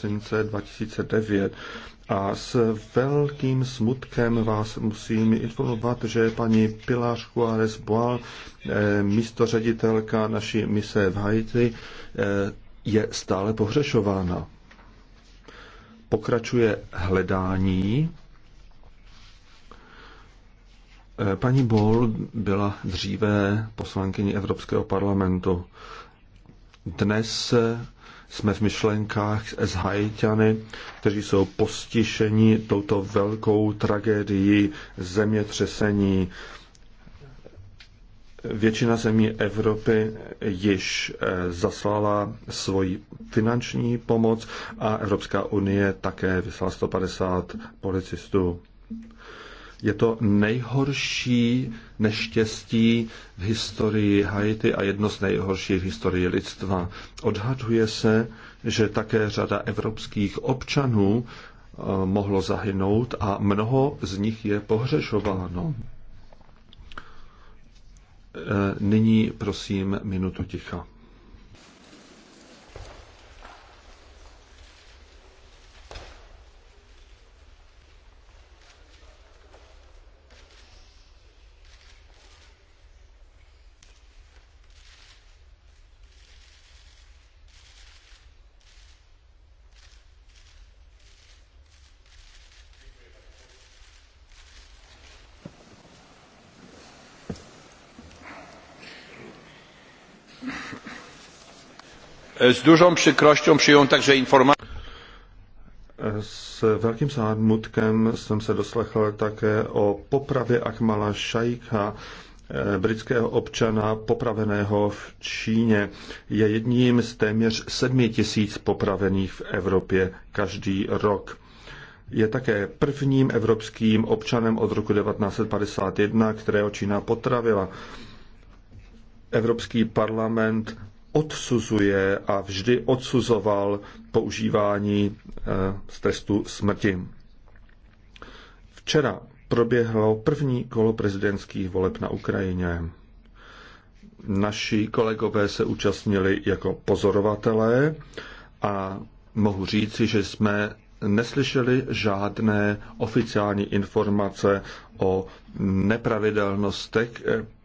prosince 2009 a s velkým smutkem vás musím informovat, že paní Pilář Juárez Boal, eh, místo ředitelka naší mise v Haiti, eh, je stále pohřešována. Pokračuje hledání. Eh, paní Bol byla dříve poslankyní Evropského parlamentu. Dnes jsme v myšlenkách s Haitiany, kteří jsou postišeni touto velkou tragédií zemětřesení. Většina zemí Evropy již eh, zaslala svoji finanční pomoc a Evropská unie také vyslala 150 policistů. Je to nejhorší neštěstí v historii Haiti a jedno z nejhorších v historii lidstva. Odhaduje se, že také řada evropských občanů eh, mohlo zahynout a mnoho z nich je pohřešováno. Eh, nyní prosím minutu ticha. E, s dużą przykrością przyjął także informację. E, s velkým zármutkem jsem se doslechl také o popravě Akmala Šajka, e, britského občana popraveného v Číně. Je jedním z téměř sedmi tisíc popravených v Evropě každý rok. Je také prvním evropským občanem od roku 1951, kterého Čína potravila. Evropský parlament odsuzuje a vždy odsuzoval používání eh, z trestu smrti. Včera proběhlo první kolo prezidentských voleb na Ukrajině. Naši kolegové se účastnili jako pozorovatelé a mohu říci, že jsme neslyšeli žádné oficiální informace o nepravidelnostech eh,